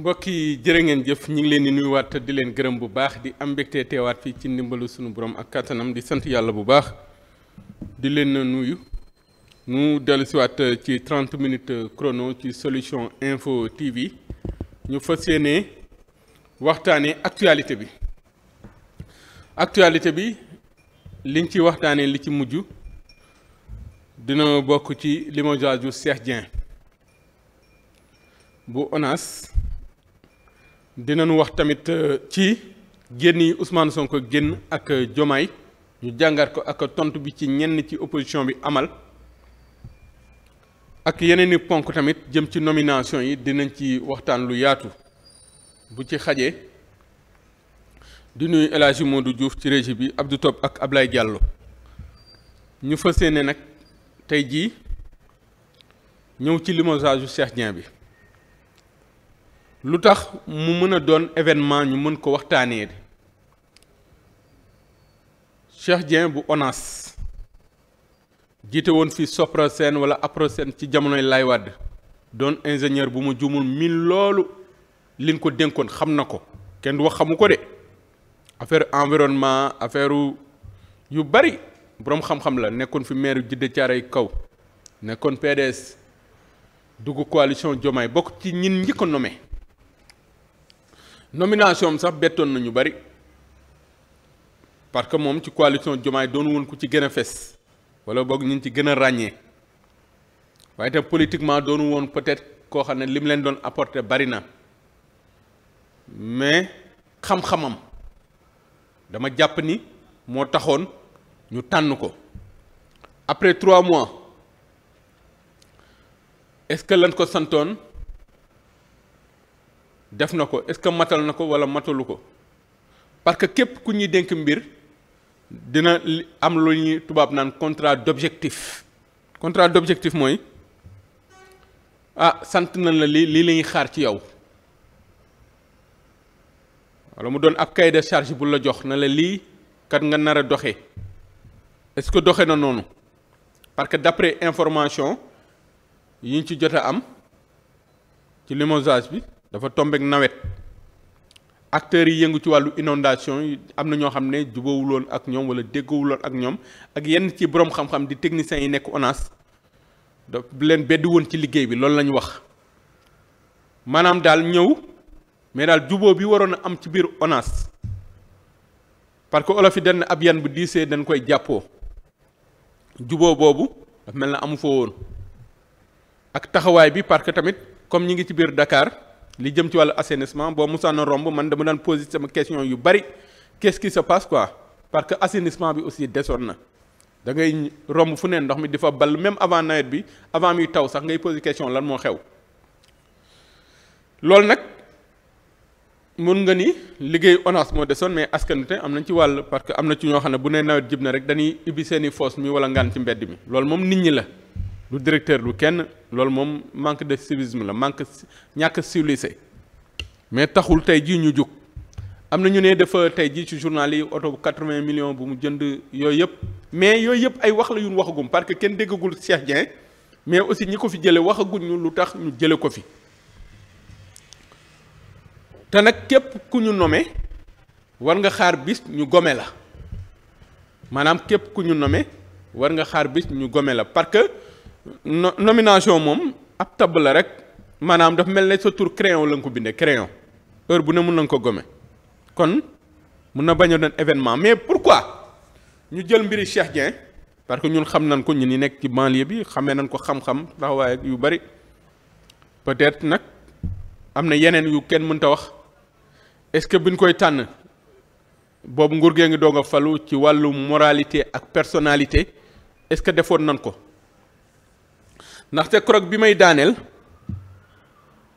mbokk yi jërë ngeen jëf ñu ngi leen di nuyuwaat di leen gërëm bu baax di am mbégte teewaat fii ci ndimbalu sunu borom ak kattanam di sant yàlla bu baax di leen nuyu nu dellu siwaat ci 30 minutes crono ci solution info TV ñu fa yéene waxtaanee actualité bi actualité bi liñ ci waxtaanee li ci mujj dina bokk ci limogeage bu Cheikh Dieng bu ONAS dinañ wax tamit euh, ci génn yi Ousmane Sonko génn ak Jomaay euh, ñu jàngat ko ak tontu bi ci ñenn ci opposition bi amal ak yeneen i ponk tamit jëm ci nomination yi dinañ ci waxtaan lu yaatu bu ci xajee di nuyu El du juuf ci régie bi Abdou Top ak Ablaye Diallo ñu fa yéene nag tey jii ñëw ci limogeage yu Cheikh bi. lu tax mu mën a doon événement ñu mën ko waxtaanee Cheikh Dieng bu ONAS jiite woon fii Soprosen wala Aprosen ci jamonoy Laay Wàdd doon ingénieur bu mu juumul min loolu liñ ko dénkoon xam na ko kenn du wax xamu ko de affaire environnement affaire yu bari boroom xam-xam la nekkoon fi maire Jidde Caaray kaw nekkoon PDS dugg coalition Diomaye bokk ci ñin ñi ko nomination am sax bettoon na ñu bari parce que moom ci coalition Diomaye doonu woon ku ci gën a fes wala boog ñu ci gën a ràññee waaye tam politiquement doonu woon peut-être koo xam ne li mu leen doon apporter bari na mais xam-xamam dama jàpp ni moo taxoon ñu tànn ko après trois mois est-ce que lañ ko santoon. def na ko est-ce que matal na ko wala matalu ko parce que képp ku ñuy dénk mbir dina am lu ñuy tubaab naan contrat d'objectif contrat d'objectif mooy ah sant nañ la lii lii lañuy xaar ci yow wala mu doon ab cahier charge bu la jox na la lii kat nga nar a doxee est-ce que doxe na noonu parce que d'après information yi ñu ci jot a am ci limogeage bi dafa tombeek nawet acteurs yi yëngu ci wàllu inondation yi am na ñoo xam ne jubóowuloon ak ñoom wala déggoowuloon ak ñoom ak yenn ci boroom xam-xam di techniciens yi nekk ONAS da leen bedd woon ci liggéey bi loolu la ñu wax maanaam daal ñëw mais daal jubóo bi waroon a am ci biir ONAS parce que olof yi denn ab yan bu diisee dañ koy jàppoo jubóo boobu daf mel na amu fa woon ak taxawaay bi parce que tamit comme ñi ngi ci biir dakaar li jëm ci wàllu assainissement boo musaan a romb man dama daan poser sama question yu bari qu'est-ce qui se passe quoi parce que assainissement bi aussi desoon na da ngay romb fu neen ndox mi di fa ball même avant nawet bi avant muy taw sax ngay poser question lan moo xew loolu nag mun nga ni liggéey ONAS moo desoon mais askan wi am nañ ci wàll parce que am na ci ñoo xam ne bu ne nawet jib na rek dañuy ibbi seeni i foos mi wala ngaan ci mbedd mi loolu moom nit ñi la lu directeur du kenn loolu moom manque de civisme la manque ñàkk a mais taxul tey jii ñu jug am na ñu ne dafa tey jii ci journal yi oto bu quatre-vingts millions bu mu jënd yooyu yëpp mais yooyu yëpp ay wax la yu waxagum parce que kenn déggagul Cheikh Dieng mais aussi ñi ko fi jëlee waxaguñ ñu lu tax ñu jëlee ko fi te nag képp ku ñu nome war nga xaar bis ñu gome la maanaam képp ku ñu nome war nga xaar bis ñu gome la parce que. no nomination moom ab tabb la rek maanaam daf mel ne sa tour crayon la nga ko bindee crayon heure bu ne mun na ko gome kon mun na bañ nan événement mais pourquoi ñu jël mbiri Cheikh Dieng parce que ñun xam nañ ko ñu ni nekk ci banlieue bi xamee nañ ko xam-xam waaye yu bari peut-être nag am na yeneen yu kenn mënta wax est-ce que buñ koy tànn boobu nguur gee ngi doog a falu ci wàllu moralité ak personnalité est-ce que defoon nañ ko. ndaxte korog bi may daaneel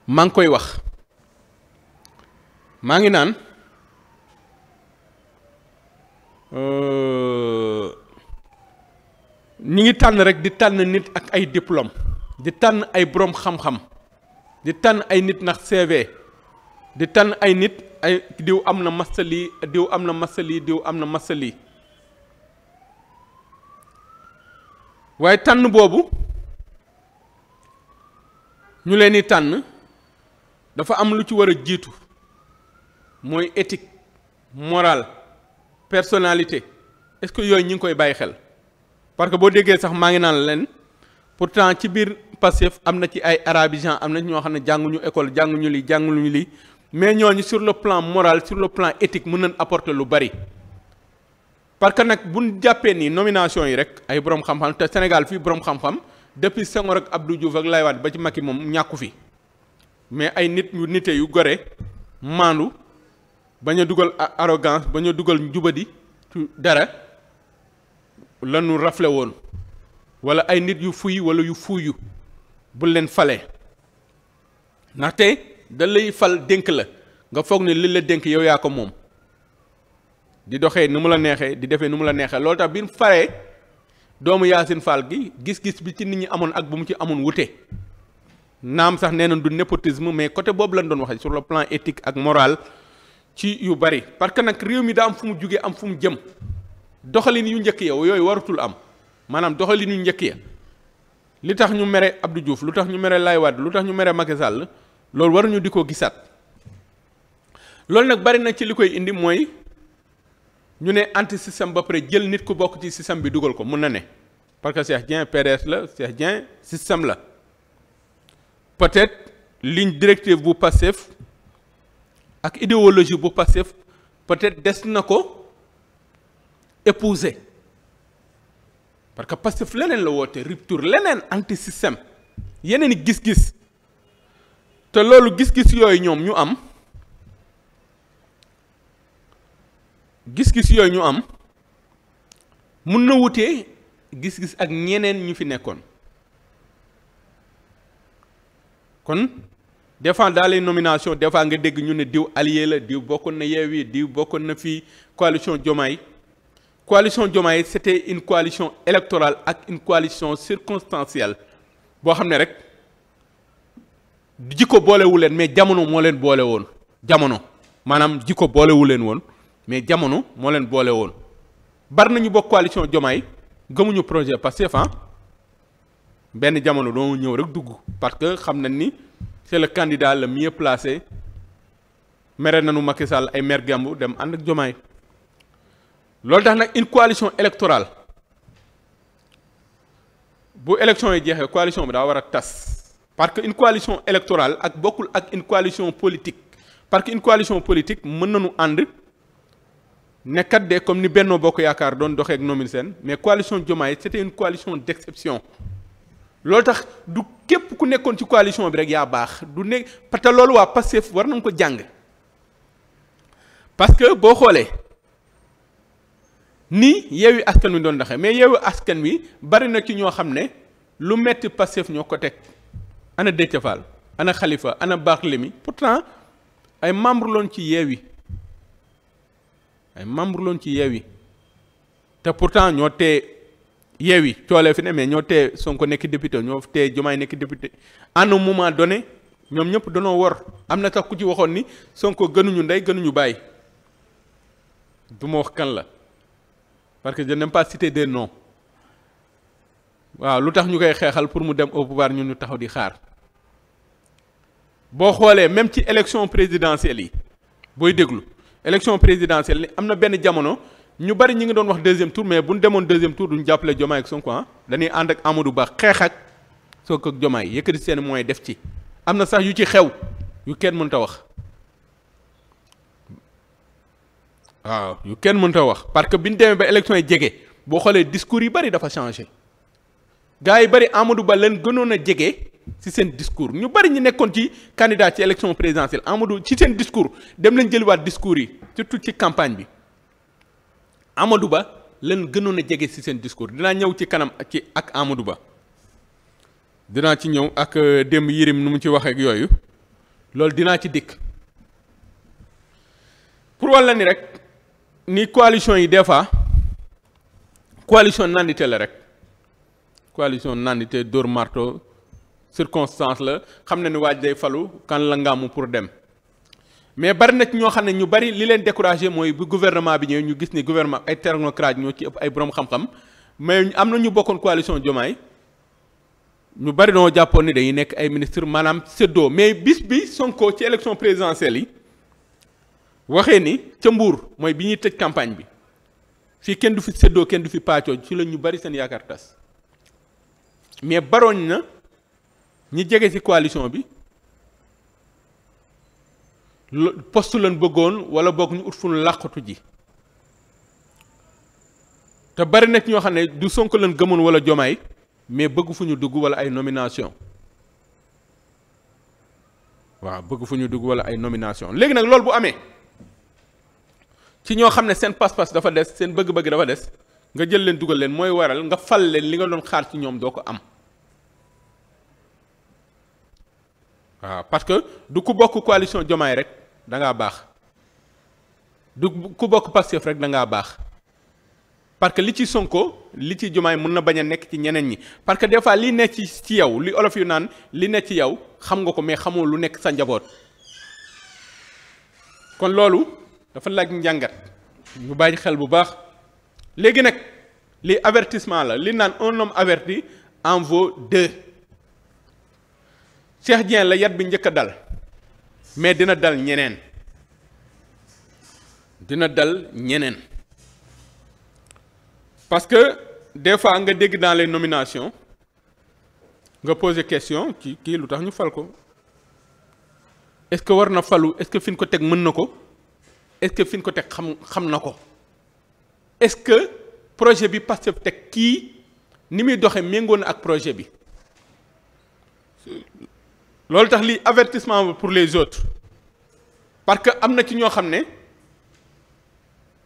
maa ngi koy wax maa ngi naan euh, ñi ngi tànn rek di tànn nit ak ay diplôme di tànn ay boroom xam-xam di tànn ay nit ndax CV di tànn ay nit ay diw am na masali diw am na lii diw am na lii waaye tànn boobu ñu leen di tànn dafa am lu ci war a jiitu mooy étique morale personnalité est-ce que yooyu ñi ngi koy bàyyi xel parce que boo déggee sax maa ngi naan leen pour pourtant ci biir Pastef am na ci ay arabisants am na ñoo xam ne jànguñu école jànguñu li jànguñu li mais ñooñu sur le plan moral sur le plan étique mën nañ apporter lu bari parce que nag bu jàppee nii nomination yi rek ay borom xam-xam te Sénégal fii borom xam-xam. depuis Senghor ak Abdou Diouf ak Laywaat ba ci Macky moom ñàkku fi mais ay nit ñu nite yu gore maandu bañ a dugal arrogance bañ a dugal njubadi dara lanu rafle woon wala ay nit yu fuy walla yu fuyu bu leen fale ndaxte da lay fal dénk la nga foog ni li la dénk yow yaa ko moom di doxee nu mu la neexee di defee nu mu la neexee loolu tax bi mu doomu Yacine Fall gi gis-gis bi ci nit ñi amoon ak bu mu ci amoon wute naam sax nee nañ du népotisme mais côté boobu lañ doon waxee sur le plan éthique ak moraal ci yu bari parce que nag réew mi daa am fu mu jugee am fu mu jëm doxalin yu njëkk ya yooyu waratul am maanaam doxalin yu njëkk ya li tax ñu mere abdu Diouf lu tax ñu mere Laye Wade lu tax ñu mere Macky Sall loolu waruñu di ko gisaat loolu nag bari na ci li koy indi mooy. ñu ne anti système ba pare jël nit ku bokk ci système bi dugal ko mun na ne parce que Cheikh Dieng PDS la Cheikh Dieng système la peut-être ligne directive bu Pastef ak idéologie bu Pastef peut-être des na ko épouser parce que Pastef leneen la woote rupture leneen anti système yeneen i gis-gis te loolu gis-gis yooyu ñoom ñu am. gis-gis yooyu ñu am mun na wutee gis-gis ak ñeneen ñu fi nekkoon kon des fois dans les nominations des fois nga dégg ñu ne diw allié la diw bokkoon na Yewwi diw bokkoon na fii coalition Diomaye coalition Diomaye c'était une coalition électorale ak une coalition circonstancielle boo xam ne rek jikko boolewu leen mais jamono moo leen boole woon jamono maanaam jikko boolewu leen woon mais jamono moo leen boole woon bari nañu bokk coalition Jomaay gëmuñu projet Pastef ah. benn jamono doo ñëw rek dugg parce que xam na ni c'est le candidat le mieux placé mere nañu Macky Sall ay mer gemb dem ànd ak Jomaay loolu tax nag une coalition électorale bu élection yi jeexee coalition bi daa war a tas parce que une coalition électorale ak bokkul ak une coalition politique parce que une coalition politique mën nañu ànd. nekkat de comme ni Benno Bokk Yaakaar doon doxee ak Nomin Sène mais coalition Diomaye c'était une coalition d'exception loolu tax du képp ku nekkoon ci coalition bi rek yaa baax du ne parce que loolu waa Pastef war nañ ko jàng parce que boo xoolee ni Yewwi Askan Wi doon doxee mais Yewwi Askan Wi bari na ci ñoo xam ne lu metti Pastef ñoo ko teg ana Déthié xalifa ana baax ana pour pourtant ay membre loon ci Yewwi ay membre loon ci yi te pourtant ñoo tee Yewwi coolee fi ne mais ñoo tee Sonko nekk député ñoo tee Diomaye nekk député à un moment donné ñoom ñëpp danoo war am na sax ku ci waxoon ni Sonko gënuñu ndey gënuñu bàyyi du ma wax kan la parce que je n'aime pas citer des noms waaw lu tax ñu koy xeexal pour mu dem au pouvoir ñun ñu taxaw di xaar boo xoolee même ci élection présidentielle yi booy déglu élection présidentielle ni am na benn jamono ñu bari ñu ngi doon wax deuxième tour mais bu ñu demoon deuxième tour duñu jàppale Diomaye ak Sonko ah dañuy ànd ak Amadou Ba xeex ak Sonko ak Diomaye yëkkati seen mooy def ci am na sax yu ci xew yu kenn mënta wax waaw yu kenn mënta wax parce que bi ñu demee ba élection yi jege boo xoolee discours yi bari dafa changé gars yi bari Amadou Ba leen gënoon a jege ci seen discours ñu bari ñu nekkoon ci candidat ci élection présidentielle Amadou ci seen discours dem lañ jëliwaat discours yi surtout ci campagne bi Amadou Ba leen gënoon a jege ci seen discours dinaa ñëw ci kanam ci ak Amadou Ba dinaa ci ñëw ak euh, démb Yérim nu mu ci waxee yooyu loolu dinaa ci dikk pour walla ni rek ni coalition yi des fois coalition nandite la rek coalition nandite dóor marto circonstance la xam na ni waa day falu kan la ngaamu pour dem mais bari na ci ñoo xam ne ñu bari li leen découragé mooy bu gouvernement bi ñëwee ñu gis ni gouvernement ay technocrate ñoo ci ëpp ay borom xam-xam mais am na ñu bokkoon coalition Diomaye ñu bari noo jàppoon ni dañuy nekk ay ministre maanaam séddoo mais bis bi sonkoo ci élection présidentielle yi waxee ni ca Mbour mooy bi ñuy tëj campagne bi fii kenn du fi séddoo kenn du fi paacoo ci la ñu bari seen yaakaar tas ñi jege ci coalition bi poste leen bëggoon wala boog ñu ut fu ñu làqatu ji te bari na ñoo xam ne du Sonko leen gëmoon wala jomaay mais bëgg fu ñu dugg wala ay nomination waaw bëgg fu ñu dugg wala ay nomination léegi nag loolu bu amee ci ñoo xam ne seen pas-pas dafa des seen bëgg-bëgg dafa des nga jël leen dugal leen mooy waral nga fal leen li nga doon xaar ci ñoom doo ko am waaw parce que du ku bokk coalition Jomaay rek da baax du ku bokk Pastef rek da ngaa baax parce que li ci Sonko li ci Jomaay mun na bañ a nekk ci ñeneen ñi parce que des fois li nekk ci ci yow li olof yu naan li nekk ci yow xam nga ko mais xamoo lu nekk sa njaboot kon loolu dafa laaj njàngat ñu bàyyi xel bu baax léegi nag li avertissement la li naan un homme averti en vaut deux. Cheikh Dieng la yat bi njëkk a dal mais dina dal ñeneen dina dal ñeneen parce que des fois nga dégg dans les nominations nga poser question ci kii lu tax ñu fal ko est-ce que war na falu est-ce que fi ñu ko teg mën na ko est-ce fi ñu ko teg xam xam na ko est-ce que projet bi Pastef teg kii ni muy doxee méngoo na ak projet bi loolu tax lii avertissement pour les autres parce que am na ci ñoo xam ne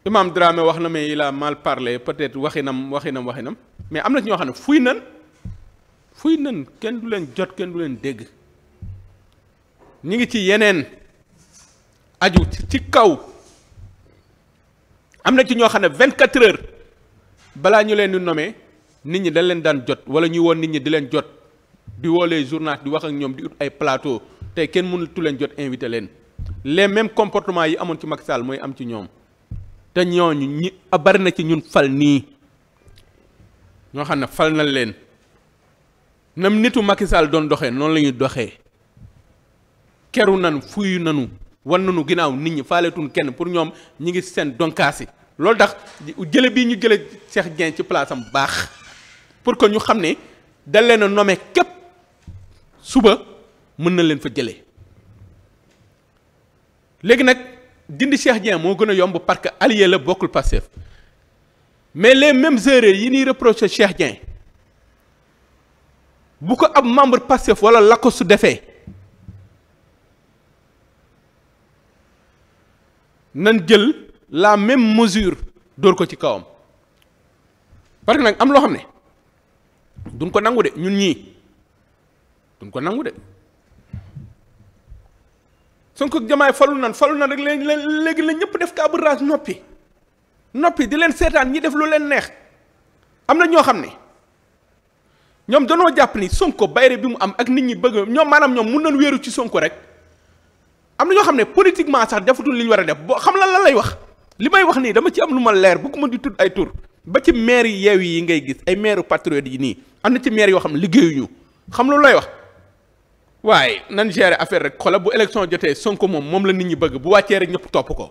Imam Dramé wax na mais il a mal parlé peut-être waxinam waxinam waxinam mais am na ci ñoo xam ne fuy nan fuy nan kenn du leen jot kenn du leen dégg ñu ngi ci yeneen aju ci ci kaw am na ci ñoo xam ne vingt quatre heures balaa ñu leen di nommer nit ñi dañ leen daan jot wala ñuy woon nit ñi di leen jot di woolee les journalistes di wax ak ñoom di ut ay plateau tey kenn mënul tu leen jot invité leen les mêmes comportement yi amoon ci Macky mooy am ci ñoom te ñooñu ñi bari na ci ñun fal nii ñoo xam ne fal na leen nam nitu Macky Sall doon doxee noonu lañuy ñuy doxee keru nanu fuyu nanu war nanu ginnaaw nit ñi faaleetun kenn pour ñoom ñi ngi seen donkaasi loolu tax jële bii ñu jële Cheikh Dieng ci place am baax pour que ñu xam ne dal leen a nommé képp suba mën na leen fa jëlee léegi nag dindi Cheikh Dieng moo gën a yomb parce que allié la bokkul Pastef mais les mêmes erreurs yi ñuy reproché Cheikh Dieng bu ko ab membre Pastef wala lakko su defee nan jël la même mesure dóor ko ci kawam parce que nag am loo xam ne duñ ko nangu de ñun ñii duñ ko nangu de Sonko ak Diomaye falu nan falu nan rek léegi léegi la ñëpp def kaabu noppi noppi di leen seetaan ñi def lu leen neex am na ñoo xam ne ñoom danoo jàpp ni Sonko bayre bi mu am ak nit ñi bëgg ñoom maanaam ñoom mun nañ wéeru ci sonk rek am na ñoo xam ne politiquement sax defatul li ñu war a def boo xam lan lan lay wax li may wax nii dama ci am lu ma leer bu ko di tudd ay tur ba ci maire yeew yi ngay gis ay maire patriote yi nii am na ci maire yoo xam ne liggéeyuñu xam lu lay wax. waaye nan gérer affaire rek xola bu élection jotee Sonko moom moom la nit ñi bëgg bu wàccee rek ñëpp topp ko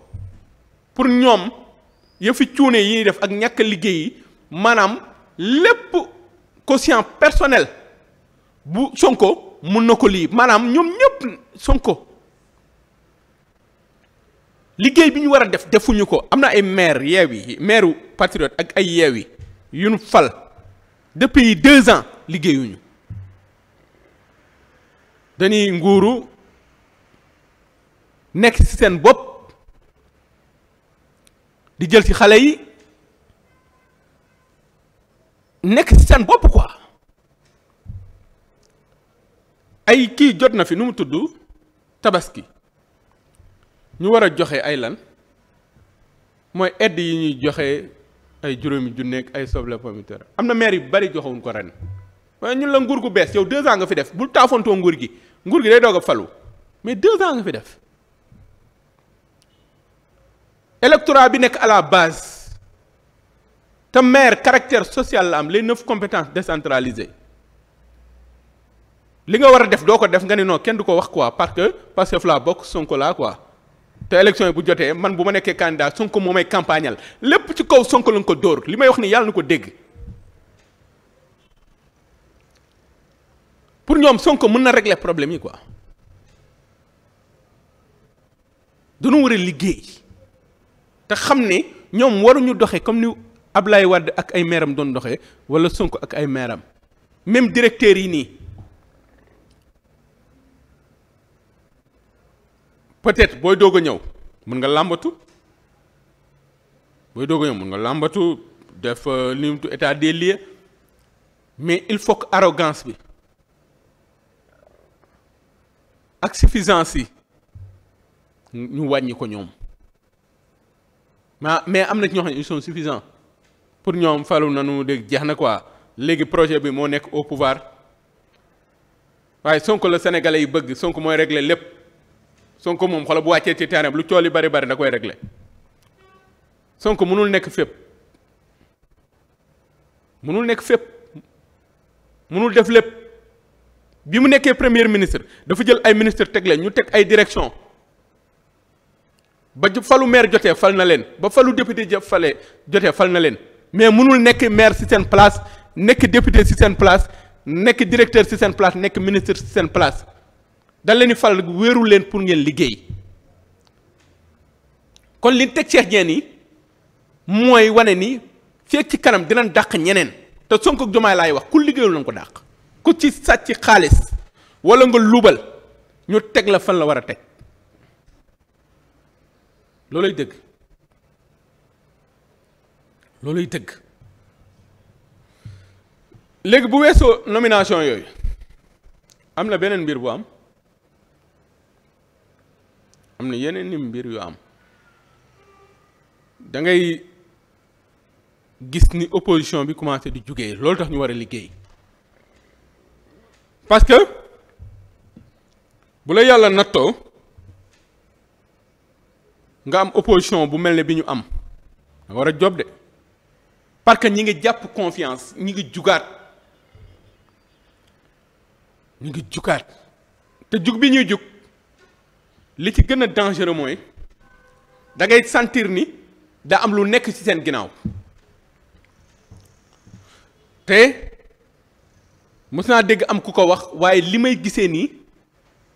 pour ñoom yëfi cuune yi ñuy def ak ñàkk liggéey yi maanaam lépp quotient personnel bu Sonko mun na ko lii maanaam ñoom ñëpp Sonko liggéey bi ñu war a def defuñu ko am na ay maire Yewwi maireu patriote ak ay yeew yi yu nu fal depuis deux ans liggéeyuñu dañuy nguuru nekk ci seen bopp di jël ci xale yi nekk ci seen bopp ko ay kii jot na fi nu mu tudd tabaski ñu war a joxe ay lan mooy aide yi ñuy joxe ay juróomi junneeg ay soble pomiteer am na maire yu bari jox joxewuñ ko ren waaye ñun la nguur gu bees yow deux ans nga fi def bul taafontoo nguur gi nguur gi day doog falu mais deux ans nga fi def électorat bi nekk à la base te maire caractère social la am les neuf compétence décentralisées li nga war a def doo ko def nga ne non kenn du ko wax quoi parce que parce que la bokk Sonko laa quoi te élection yi bu jotee man bu ma nekkee candidat Sonko moom may campagnal lépp ci kaw Sonko lañ ko dóor li may wax ni yàlla na ko dégg. pour ñoom Sonko mën na régler problème yi quoi dañu war a liggéey te xam ne ñoom waruñu doxee comme ni Ablaye Wade ak ay meeram doon doxee wala sonk ak ay meeram même directeur yi nii peut-être booy doog ñëw mën nga làmbatu booy doog a ñëw mën nga làmbatu def euh, limtu état des lieux mais il faut que arrogance bi. ak suffisance yi ñu wàññi ko ñoom ma mais am na ci ñoo xam ne ils sont suffisants pour ñoom falu nañu dégg jeex na quoi léegi projet bi moo nekk au pouvoir waaye sonk la sénégalais yi bëgg sonk mooy régler lépp Sonko moom xoolal bu wàccee ci terrain lu cool yi bari bari da koy régler Sonko mënul nekk fépp mënul nekk fépp mënul def lépp. bi mu nekkee premier ministre dafa jël ay ministre teg leen ñu teg ay direction ba falu maire jotee fal na leen ba falu député ja fale jotee fal na leen mais mënul nekk maire ci seen place nekk député ci seen place nekk directeur ci seen place nekk ministre ci seen place dal leen di fal wéeru leen pour ngeen liggéey kon li teg Cheikh Dieng yi mooy wane ni fekk ci kanam dinañ dàq ñeneen te Sonko ak Diomaye laay wax ku liggéeyul nañ ko dàq. ku ci sàcc xaalis walla nga luubal ñu teg la fan la war a teg loolay dëgg loolay dëgg léegi bu weesoo nomination yooyu am na beneen mbir bu am am na yeneen ni mbir yu am da ngay gis ni opposition bi commencé di jógee loolu tax ñu war a liggéey parce que bu la yàlla nattoo nga am opposition bu mel ne bi ñu am nga war a job de parce que ñi ngi jàpp confiance ñi ngi jugaat ñi ngi jugaat te jug bi ñuy jug li ci gën a dangereux mooy da ngay sentir ni da am lu nekk ci seen ginnaaw te mos dégg am ku ko wax waaye li may gisee nii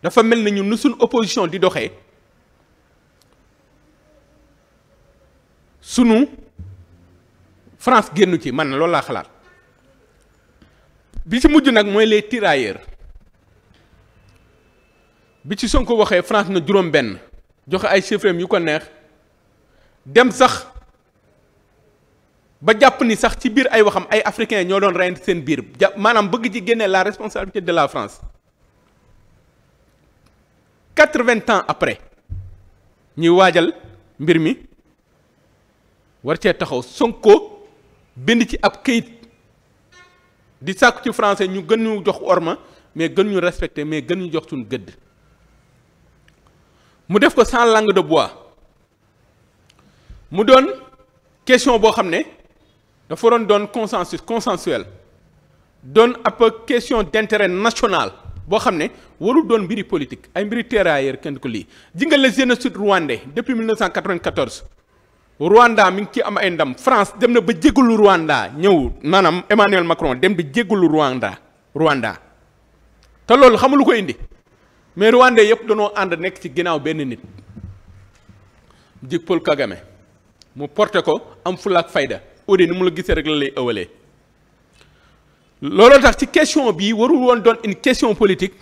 dafa mel na ñu nu suñ opposition di doxee sunu France génnu ci man loolu laa xalaat bi ci mujj nag mooy les tirailleurs bi ci ko waxee France na juróom benn joxe ay chiffres yu ko neex dem sax ba jàpp ni sax ci biir ay waxam ay africains ñoo doon reyante seen biir ja maanaam bëgg ci génne la responsabilité de la France quatre-vingts ans après ñuy waajal mbir mi war cee taxaw Sonko bind ci ab kayit di sàkku ci français ñu gën ñu jox orma mais gën ñu respecté mais gën ñu jox suñu gëdd mu def ko sans langue de bois mu doon question boo xam ne dafa waroon doon consensus consensuel doon ab question d'intérêt national boo xam ne warul doon mbiri politique ay mbiri terrailleur kenn ko lii ji nga le génocide rwandais depuis 1994 Rwanda mi ngi ci am ay ndam France dem na ba jégalu Rwanda ñëw maanaam Emmanuel Macron dem di jégalu Rwanda Rwanda te loolu xamul lu ko indi mais Rwandais yëpp danoo ànd nekk ci ginnaaw benn nit di Paul Kagame mu porté ko am fulaak fayda audee ni mu la gisee rek la lay ëwalee looloo tax ci question bi warul woon doon une question politique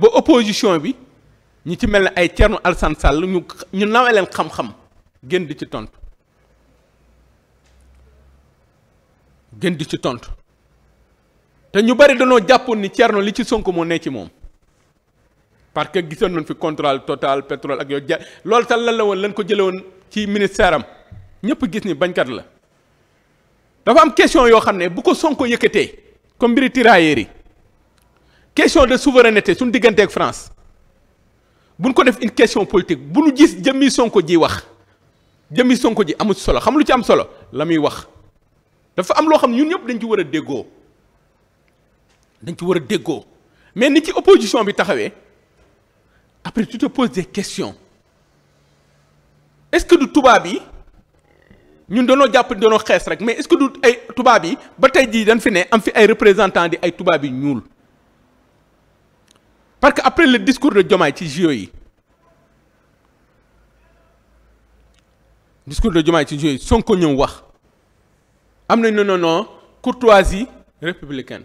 ba opposition bi ñi ci mel ne ay Thierno Alassane Sall ñu ñu nawee leen xam-xam gën di ci tontu gën di ci tontu te ñu bari danoo jàppoon ni Thierno li ci Sonko moo ne ci moom parce que gisoon nañ fi contrôle total pétrole ak yooyu ja loolu sax lan la woon lan ko jëlee woon ci ministère am ñëpp gis ni bañkat la. dafa am question yoo xam ne bu ko Sonko yëkkatee comme mbiri tirailleurs yi question de souveraineté suñu diggante ak France buñ ko def une question politique bu nu gis jëmmi Sonko ji wax jëmmi Sonko ji amul solo xam lu ci am solo la muy wax dafa am loo xam ñun ñëpp dañ ci war a déggoo dañ ci war a déggoo mais ni ci opposition bi taxawee après tu te poses des questions est-ce que du tubaab yi. ñun dañoo jàpp ni dañoo xees rek mais est-ce que du ay tubaab yi ba tey jii dañ fi ne am fi ay représentant di ay tubaab yi ñuul parce que après le discours de Diomaye ci JO e yi discours de Diomaye ci JO e yi ñëw wax am nañ ne non non courtoisie républicaine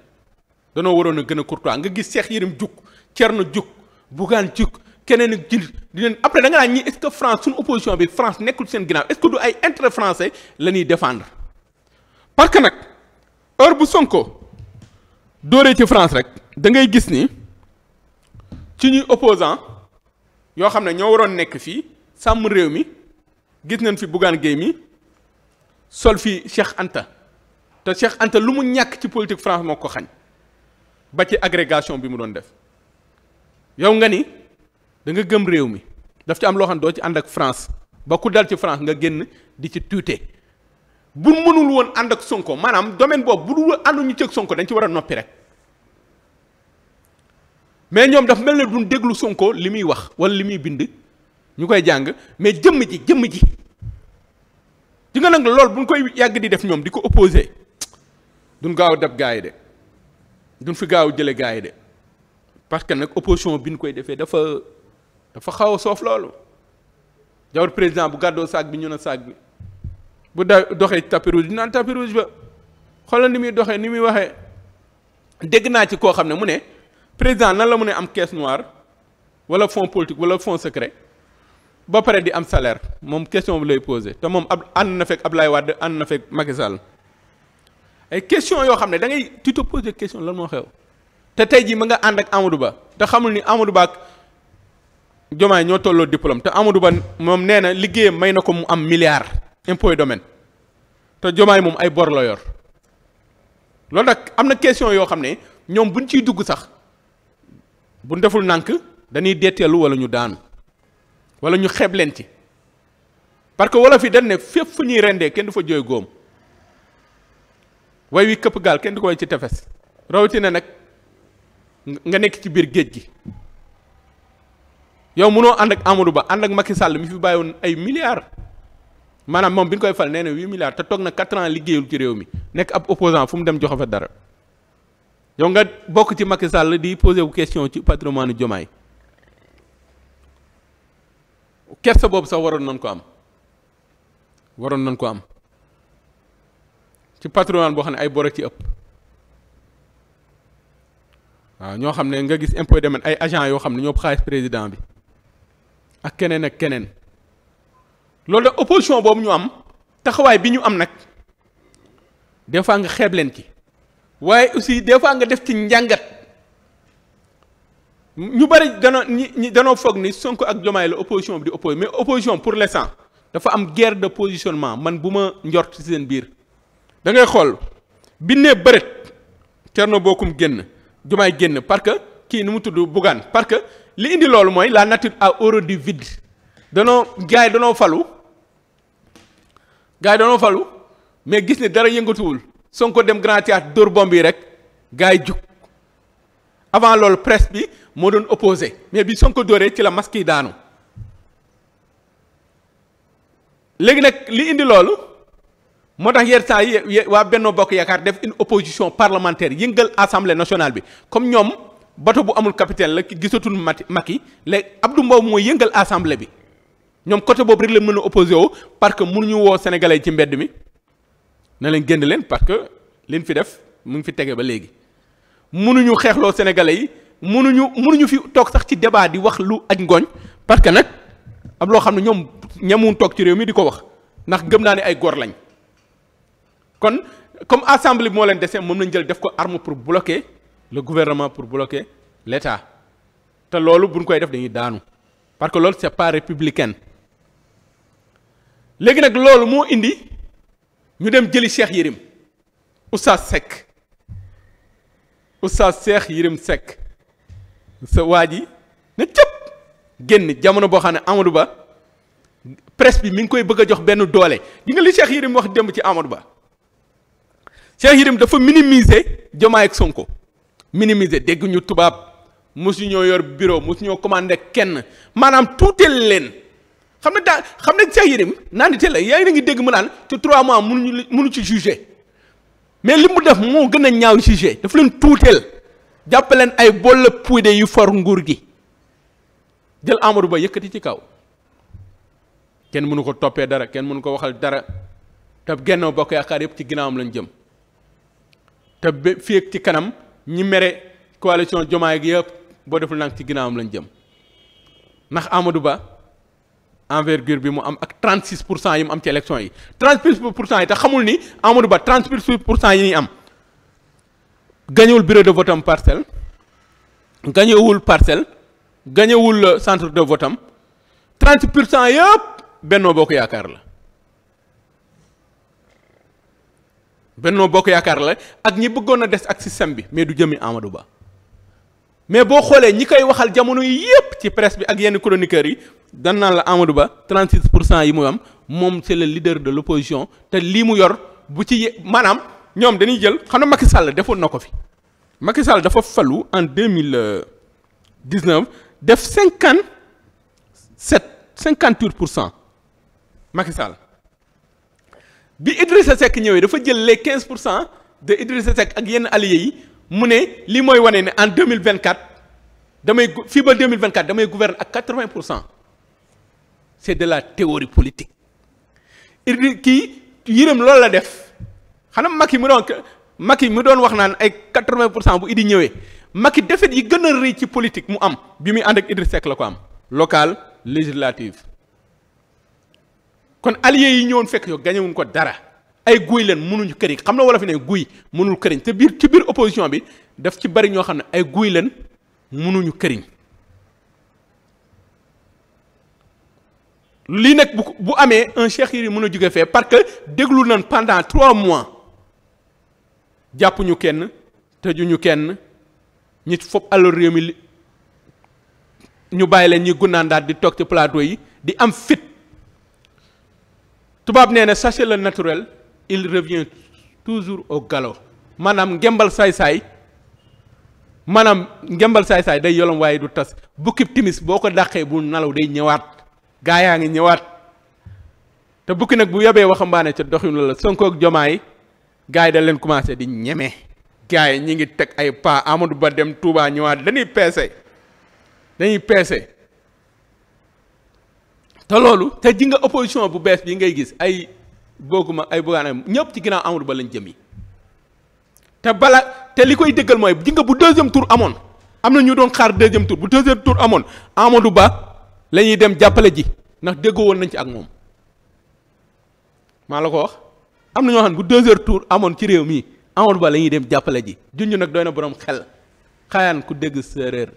danoo waroon a gën a courtois nga gis seex Yérim Diouk Thierno Diouk Bougane Diouk keneen ak jullit di leen après da nga naan ñi est France suñu opposition bi France nekkul seen ginnaaw est du ay intérêt français la ñuy défendre parce que nag heure bu Sonko dooree ci France rek da ngay gis ni ci ñuy opposant yoo xam ne ñoo waroon nekk fii sàmm réew mi gis nañ fi Bougane Gueye mi sol fi Cheikh Anta te Cheikh Anta lu mu ñàkk ci politique France moo ko xañ ba ci agrégation bi mu doon def yow nga ni. da nga gëm réew mi daf ci am loo xam doo ci ànd ak France ba ku dal ci France nga génn di ci tuute bu mënul woon ànd ak Sonko maanaam domaine boobu bu dul ànduñu ci ak Sonko dañ ci war a noppi rek mais ñoom daf mel ne duñ déglu Sonko li muy wax wala li muy bind ñu koy jàng mais jëmm ji jëmm ji di nga nag loolu buñ koy yàgg di def ñoom di ko opposé duñ gaaw dab gaay de duñ fi gaaw jële gaay de parce que nag opposition bi ñu koy defee dafa dafa xaw a soof loolu jawar président bu gàddoo saag bi ñu ne saag bi bu da doxee ci tapis rouge naan tapis rouge ba xoolal ni muy doxee ni muy waxee dégg naa ci koo xam ne mu ne président na la mu ne am caisse noire wala fonds politique wala fonds secret ba pare di am salaire moom question bi lay posé te moom ab ànd na fekk Ablaye Wade ànd na fekk Macky ay question yoo xam ne da ngay tu te question la moo xew te tey jii ma nga ànd ak Amadou Ba te xamul ni Amadou Diomaye ñoo tolloo diplôme te Amadou Ba moom nee na liggéeyam may na ko mu am milliard impôt et domaine te Diomaye moom ay bor la yor loolu nag am na question yoo xam ne ñoom buñ ciy dugg sax buñ deful nànk dañuy detteelu wala ñu daanu wala ñu xeeb leen ci parce que wala fi dañ ne fépp fu ñuy rendee kenn du fa jooy góom way wi këpp gaal kenn du ko way ci tefes rawatina nag nga nekk ci biir géej gi yow munoo ànd ak Amadou Ba ànd ak Macky Sall mi fi bàyyi woon ay milliards maanaam moom bi ñu koy fal nee na huit milliards te toog na quatre ans liggéeyul ci réew mi nekk ab opposant fu mu dem a fa dara yow nga bokk ci Macky Sall di posé wu question ci patrimoine Diomaye kersa boobu sax waroon nañ ko am waroon nañ ko am ci patrimoine boo xam ne ay bor ci ëpp waaw ñoo xam ne nga gis impôt domaine ay agent yoo xam ne ñoo xaalis président bi ak keneen ak keneen loolu de opposition boobu ñu am taxawaay bi ñu am nag des fois nga xeeb leen ki waaye aussi des fois nga def ci njàngat ñu bari danoo ñi ñi danoo foog ni Sonko ak Diomaye la opposition bi di opposé mais opposition pour l'instant dafa am guerre de positionnement man bu ma njor ci seen biir da ngay xool bi ne bërët Thierno Bocoum génn Diomaye génn parce que kii nu mu tudd Bougane parce que li indi loolu mooy la nature a horreur du vide danoo gars danoo falu gars danoo falu mais gis ne dara yëngatuwul Sonko dem grand théâtre door bomb yi rek gars yi jug avant loolu presse bi moo doon opposé mais bi ko dooree ci la maski yi daanu léegi nag li indi loolu moo tax yenn saa yi waa Benno Bokk Yaakaar def une opposition parlementaire yëngal assemblée nationale bi comme ñoom. bato bu amul capitaine la gisatul Mati Macky léegi Abdou Mbow mooy yëngal assemblée bi ñoom côté boobu rek la mën a opposé woo parce que mënuñu woo sénégalais ci mbedd mi na leen génn leen parce que liñ fi def mu ngi fi tege ba léegi munuñu xeexloo sénégalais yi mënuñu mënuñu fi toog sax ci débat di wax lu aj ngooñ parce que nag am loo xam ne ñoom ñamuun toog ci réew mi di ko wax ndax gëm naa ne ay gor lañ kon comme assemblée bi moo leen dese moom lañ jël def ko arme pour bloquer. le gouvernement pour bloquer l' état te loolu buñ koy def dañuy daanu parce que loolu c' est pas républicain léegi nag loolu moo indi ñu dem jëli seex Yérim Oustaz Seck Oustaz Cheikh Yérim Seck sa waa ji na cëpp génn jamono boo xam ne Amadou Ba presse bi mi ngi koy bëgg a jox benn doole gi nga li Cheikh Yérim wax démb ci Amadou Ba Cheikh Yérim dafa minimiser Diomaye ak Sonko minimiser dégg ñu tubaab mosu ñoo yor bureau mosu ñoo commandé kenn maanaam tuuteel leen xam ne daa xam ne Cheikh Yérim naan di teel la yaa ngi dégg mu naan te trois mois mënuñu mënu ci jugé mais li mu def moo gën a ñaaw jugé daf leen tuuteel jàpp leen ay boole puude yu for nguur gi jël Amadou Ba yëkkati ci kaw kenn mënu ko toppee dara kenn mënu ko waxal dara te genn bokk yaakaar yëpp ci ginnaawam lañ jëm te ba fii ak ci kanam. ñi mere coalition Jomaay gi yëpp boo deful nang ci am lañ jëm ndax Amadou Ba envergure bi mu am ak 36 pour cent yi mu am ci élection yi 36 pour cent yi te xamul ni Amadou Ba 36 pour cent yi ñuy am gañewul bureau de vote am parcelle gañewul parcelle gañewul euh, centre de vote am 30 pour cent yëpp Benno Bokk Yaakaar la. Benno Bokk Yaakaar la ak ñi bëggoon a des ak système bi mais du jëmi Amadou Ba mais boo xoolee ñi koy waxal jamono yépp ci presse bi ak yenn chroniqueurs yi dan naan la Amadou Ba 36 pour cent yi muy am moom c'est le leader de l'opposition te lii mu yor bu ci maanaam ñoom dañuy jël xam na Macky Sall defoon na ko fi Macky Sall dafa falu en mille 2019 def cinquante cinquante 58 pour cent Macky bi sa Seck ñëwee dafa jël les quinze pour cent de sa Seck ak yenn alliés yi mu ne lii mooy wane ne en mille vingt 2024 damay fii ba 2024 damay gouverne ak 80 pour cent c'est de la théorie politique Idrissa kii yërëm loolu la def xanam Macky mu doon Macky mu doon wax naan ay 80 pour cent bu Idi ñëwee Macky défaite yi gën a rëy ci politique mu am bi muy ànd ak Idrissa Seck la ko am local législative kon alliés yi ñëwoon fekk yow gañewuñ ko dara ay guy leen mënuñu këriñ xam na wala fi ne guy mënul këriñ te biir ci biir opposition bi def ci bari ñoo xam ne ay guy leen mënuñu këriñ lii nag bu bu amee un cheikh yi mën a jóge fee parce que déglu nañ pendant trois mois jàppuñu kenn tëjuñu kenn ñi fopp alal réew mi ñu bàyyi leen ñuy gunnaan daal di toog ci plateau yi di am fit tubaab nee na sachez le naturel il revient toujours au galop maanaam ngembal saay-saay maanaam ngembal saay-saay day yolom waaye du tas bukki timis boo ko dàqee bu nalaw day ñëwaat gaa yaa ngi ñëwaat te bukki nag bu yobee waxambaane ca doxin la la Sonko ak Jomaay gaa yi da leen commencé di ñeme. gaa yi ñu ngi teg ay pas Amadou Ba dem Touba ñëwaat dañuy peese dañuy peese te loolu te ji nga opposition bu bees bi ngay gis ay booguma ay bugaanam ñëpp ci ginnaaw Amadou Ba lañ jëmi te bala te li koy dëggal mooy ji nga bu deuxième tour amoon am na ñu doon xaar deuxième tour bu deuxième tour amoon Amadou Ba la ñuy dem jàppale ji ndax déggoo woon nañ ci ak moom maa la ko wax am na ñoo xam ne bu deuxième tour amoon ci réew mi Amadou Ba la ñuy dem jàppale ji junj nag doy na borom xel xaayaan ku dégg séeréer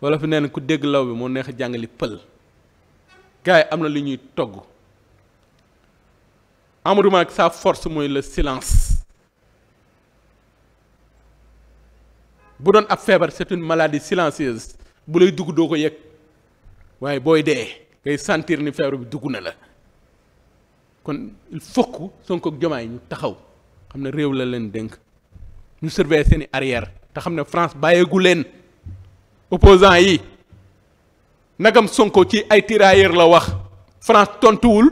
wala fi neen ku dégg law bi moo neex jàngali pël. gars yi am na lu ñuy togg Amadou Mack sa force mooy le silence bu doon ab feebar c'est maladie silencieuse bu lay dugg doo ko yëg waaye booy dee ngay sentir ni feebar bi dugg na la kon il faut que Sonko ñu taxaw xam ne réew la leen dénk ñu surveiller seeni arrière te xam ne France bàyyeegu leen opposants yi nagam Sonko ci ay tirailleurs la wax France tontuwul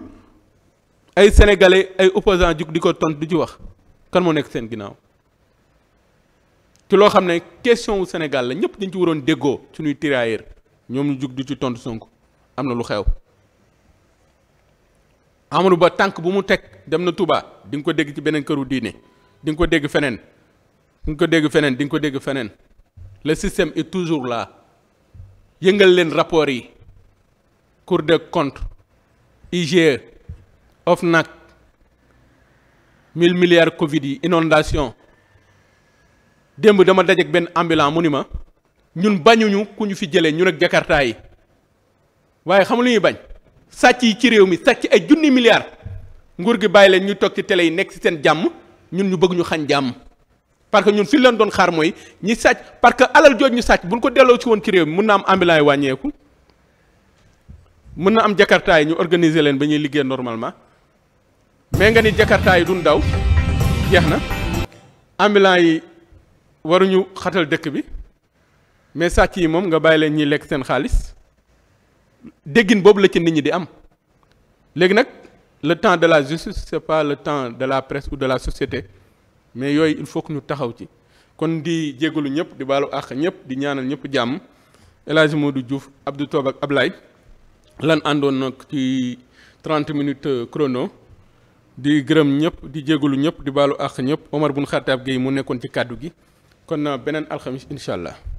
ay sénégalais ay opposants jug di ko tont di ci wax kan moo nekk seen ginnaaw ci loo xam ne question wu Sénégal la ñëpp dañ ci waroon déggoo suñuy tirailleurs ñoom ñu jug du ci tontu Sonko am na lu xew. Amadou Ba tànk bu mu teg dem na tubaa di nga ko dégg ci beneen këru diine di nga ko dégg feneen di nga ko dégg feneen di nga ko dégg feneen le système et toujours là. yëngal leen rapport yi Cour des comptes IGE OFNAC mille milliards Covid yi inondation démb dama dajeek benn ambulant mu ni ma ñun bañuñu ku ñu fi jëlee ñu ak jakarta yi waaye xam lu ñuy bañ sàcc yi ci réew mi sàcc ay junni milliards nguur gi bàyyi leen ñu toog ci tele yi nekk ci seen jàmm ñun ñu bëgg ñu xañ jàmm parce que ñun fi leen doon xaar mooy ñi sàcc parce que alal jooj ñu sàcc buñ ko delloo ci woon ci réew mun na am ambulant yi wàññeeku mun na am yi ñu organiser leen ba ñuy liggéey normalement mais nga ni jakartaay yi duñ daw jeex na ambulant yi waruñu xatal dëkk bi mais sàcc yi moom nga bàyyi leen ñuy lekk seen xaalis déggin boobu la ci nit ñi di am léegi nag le temps de la justice c'est pas le temps de la presse ou de la société mais yooyu il faut que ñu taxaw ci kon di jégalu ñëpp di baalu àq ñëpp di ñaanal ñëpp jàmm El du Modou Diouf Abdou Toob ak Ablaye lan àndoon nag ci trente minutes euh, chrono di gërëm ñëpp di jégalu ñëpp di baalu àq ñëpp Omar bun Xattaab Gueye mu nekkoon ci kàddu gi kon euh, beneen alxamis incha allah.